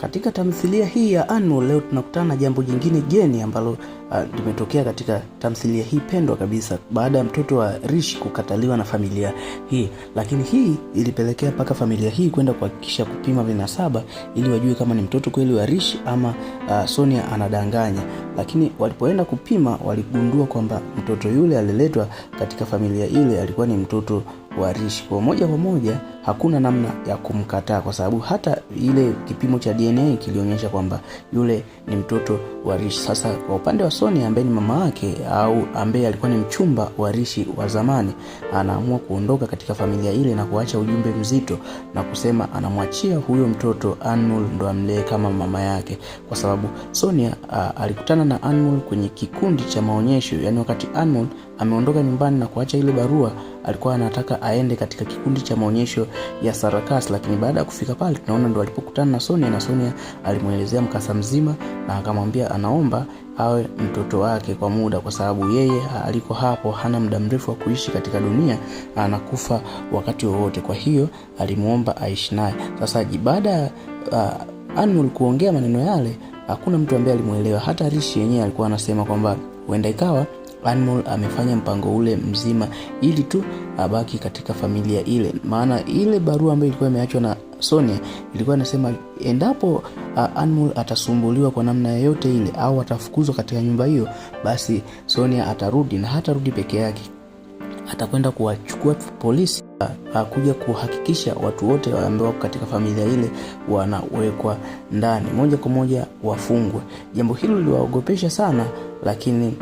Katika tamthilia hii ya Annual leo tunakutana na jambo jingine geni ambalo ah, limetokea uh, katika tamthilia hii pendwa kabisa, baada ya mtoto wa Rishi kukataliwa na familia hii, lakini hii ilipelekea mpaka familia hii kwenda kuhakikisha kupima vinasaba ili wajue kama ni mtoto kweli wa Rishi ama uh, Sonia anadanganya lakini walipoenda kupima waligundua kwamba mtoto yule aliletwa katika familia ile alikuwa ni mtoto wa Rishi. Kwa moja kwa moja hakuna namna ya kumkataa kwa sababu hata ile kipimo cha DNA kilionyesha kwamba yule ni mtoto wa Rishi. Sasa kwa upande wa Soni ambaye ni mama yake au ambaye alikuwa ni mchumba wa Rishi wa zamani, anaamua kuondoka katika familia ile na kuacha ujumbe mzito na kusema anamwachia huyo mtoto anul ndo amlee kama mama yake, kwa sababu Sonia a, alikutana na Anmol kwenye kikundi cha maonyesho, yaani wakati Anmol ameondoka nyumbani na kuacha ile barua, alikuwa anataka aende katika kikundi cha maonyesho ya sarakas lakini baada ya kufika pale tunaona ndo alipokutana na Sonia, na Sonia alimwelezea mkasa mzima na akamwambia anaomba awe mtoto wake kwa muda, kwa sababu yeye aliko hapo hana muda mrefu wa kuishi katika dunia, anakufa wakati wowote. Kwa hiyo alimwomba aishi naye. Sasa baada ya uh, Anmol kuongea maneno yale hakuna mtu ambaye alimuelewa. Hata Rishi yenyewe alikuwa anasema kwamba huenda ikawa Anmol amefanya mpango ule mzima ili tu abaki katika familia ile, maana ile barua ambayo ilikuwa imeachwa na Sonia ilikuwa inasema endapo uh, Anmol atasumbuliwa kwa namna yoyote ile au atafukuzwa katika nyumba hiyo, basi Sonia atarudi na hatarudi peke yake, atakwenda kuwachukua polisi kuja kuhakikisha watu wote ambao wako katika familia ile wanawekwa ndani moja kwa moja wafungwe. Jambo hilo liliwaogopesha sana, lakini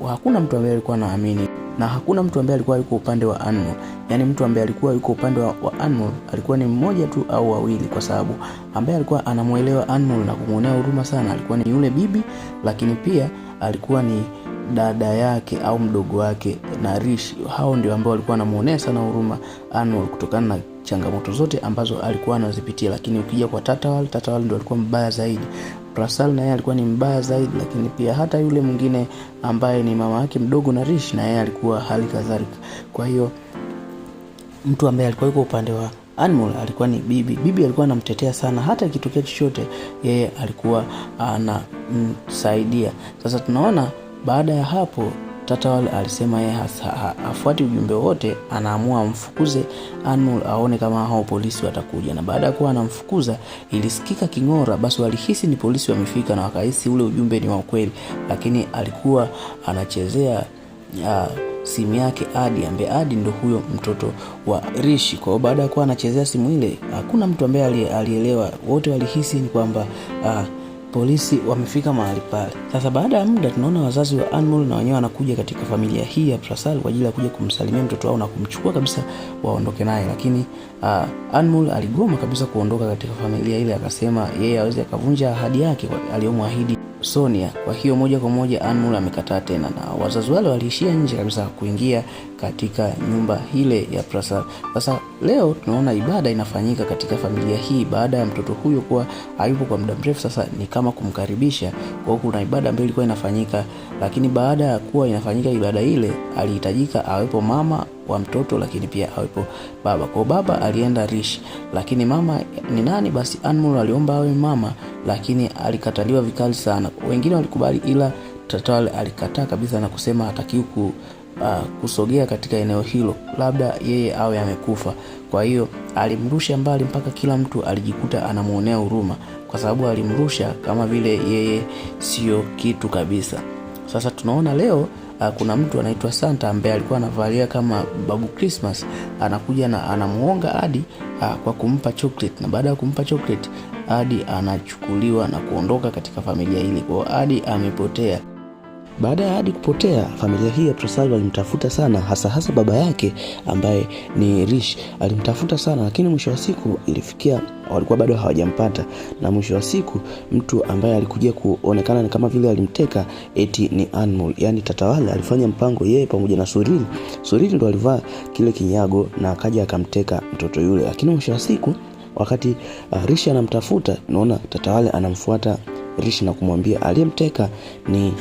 uh, hakuna mtu ambaye alikuwa anaamini na hakuna mtu ambaye alikuwa yuko upande wa Anmol. Yaani mtu ambaye alikuwa yuko upande wa, wa Anmol alikuwa ni mmoja tu au wawili, kwa sababu ambaye alikuwa anamwelewa Anmol na kumwonea huruma sana alikuwa ni yule bibi, lakini pia alikuwa ni dada yake au mdogo wake Narish. Hao ndio ambao walikuwa wanamuonea sana huruma Anmol kutokana na changamoto zote ambazo alikuwa anazipitia, lakini ukija kwa Tatawal, Tatawal ndio alikuwa mbaya zaidi. Prasal yeye alikuwa ni mbaya zaidi, lakini pia hata yule mwingine ambaye ni mama yake mdogo Narish na yeye alikuwa hali kadhalika. Kwa hiyo mtu ambaye alikuwa yuko upande wa Anmol alikuwa ni bibi. Bibi alikuwa anamtetea sana, hata ikitokea chochote yeye alikuwa anamsaidia. Sasa tunaona baada ya hapo Tatawal alisema yeye hafuati ujumbe wote, anaamua amfukuze Anmol aone kama hao polisi watakuja. Na baada ya kuwa anamfukuza, ilisikika king'ora, basi walihisi ni polisi wamefika, na wakahisi ule ujumbe ni wa ukweli, lakini alikuwa anachezea ya simu yake Adi ambaye Adi ndo huyo mtoto wa Rishi. Kwa hiyo baada ya kuwa anachezea simu ile, hakuna mtu ambaye alielewa, wote walihisi ni kwamba uh, polisi wamefika mahali pale. Sasa baada ya muda, tunaona wazazi wa Anmol na wenyewe wanakuja katika familia hii ya Prasal kwa ajili ya kuja kumsalimia mtoto wao na kumchukua kabisa waondoke naye, lakini uh, Anmol aligoma kabisa kuondoka katika familia ile, akasema yeye aweze akavunja ahadi yake aliyomwahidi Sonia. Kwa hiyo moja kwa moja Anmol amekataa tena, na wazazi wale waliishia nje kabisa kuingia katika nyumba ile ya Prasad. Sasa leo tunaona ibada inafanyika katika familia hii baada ya mtoto huyo kuwa hayupo kwa muda mrefu, sasa ni kama kumkaribisha. Kwa hiyo kuna ibada ambayo ilikuwa inafanyika, lakini baada ya kuwa inafanyika ibada ile, alihitajika awepo mama wa mtoto lakini pia awepo baba. Kwa baba alienda rish lakini mama ni nani? Basi Anmol aliomba awe mama, lakini alikataliwa vikali sana. Wengine walikubali, ila Tatwal alikataa kabisa na kusema hatakiwi uh, kusogea katika eneo hilo, labda yeye awe amekufa. Kwa hiyo alimrusha mbali mpaka kila mtu alijikuta anamwonea huruma, kwa sababu alimrusha kama vile yeye sio kitu kabisa. Sasa tunaona leo uh, kuna mtu anaitwa Santa ambaye alikuwa anavalia kama Babu Christmas, anakuja na anamuonga hadi uh, ah, kwa kumpa chocolate, na baada ya kumpa chocolate hadi anachukuliwa na kuondoka katika familia hili. Kwa hadi amepotea. Baada ya Hadi kupotea, familia hii ya Prosalva alimtafuta sana, hasa hasa baba yake ambaye ni Rish alimtafuta sana, lakini mwisho wa siku ilifikia walikuwa bado hawajampata, na mwisho wa siku mtu ambaye alikuja kuonekana kama vile alimteka eti ni Anmol, yani Tatawala alifanya mpango yeye pamoja na Surili. Surili ndo alivaa kile kinyago na akaja akamteka mtoto yule, lakini mwisho wa siku wakati uh, rish anamtafuta, naona Tatawala anamfuata rish na kumwambia aliyemteka ni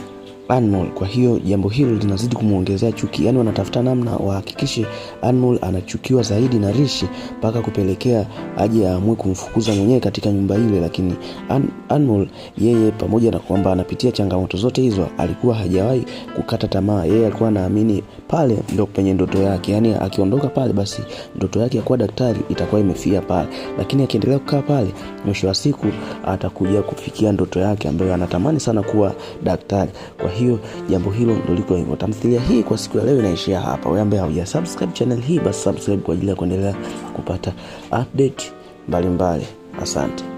Anmol. Kwa hiyo jambo hilo linazidi kumwongezea chuki, yaani wanatafuta namna wahakikishe Anmol anachukiwa zaidi na Rishi mpaka kupelekea aje aamue kumfukuza mwenyewe katika nyumba ile. Lakini An Anmol yeye, pamoja na kwamba anapitia changamoto zote hizo, alikuwa hajawahi kukata tamaa. Yeye alikuwa anaamini pale ndio penye ndoto yake, yaani akiondoka pale, basi ndoto yake ya kuwa daktari itakuwa imefia pale, lakini akiendelea kukaa pale, mwisho wa siku atakuja kufikia ndoto yake ambayo anatamani sana kuwa daktari kwa hiyo jambo hilo ndo liko hivyo. Tamthilia hii kwa siku ya leo inaishia hapa. Wewe ambaye hauja subscribe channel hii, basi subscribe kwa ajili ya kuendelea kupata update mbalimbali mbali. Asante.